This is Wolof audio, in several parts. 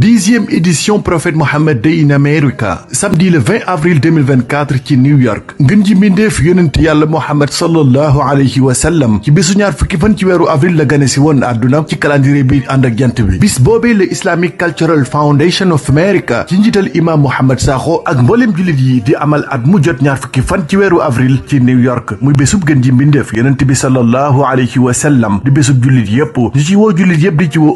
Dixième édition prophète Mohammed Day in America samedi le 20 avril 2024 qui New York ngën ji mbindeef yonent yàlla Mohammed sallallahu alayhi wa sallam ci bisu ñaar fukki fan ci weeru avril la gane si won aduna ci calendrier bi ànd ak jant bi bis bobe le Islamic Cultural Foundation of America ci njital imam Mohammed Sakho ak mbooleem julit yi di amal at mu jot ñaar fukki fan ci weeru avril ci New York muy bésub gën ji mbindeef yonent bi sallallahu alayhi wa sallam di bésub julit yépp ñu ci woo jullit yépp di ci wo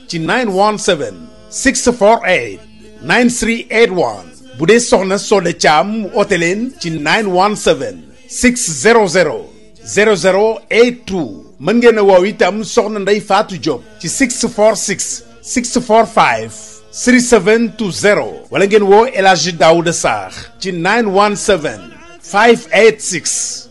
ci 917 648 9381 bu dee soxna Sode Thiam mu oote leen ci 917 600 0082 mën ngeen a woow itam soxna Ndeye Fatou Diop ci seven 645 3720 wala ngeen woo El Hadji Daouda Sarr ci 917 586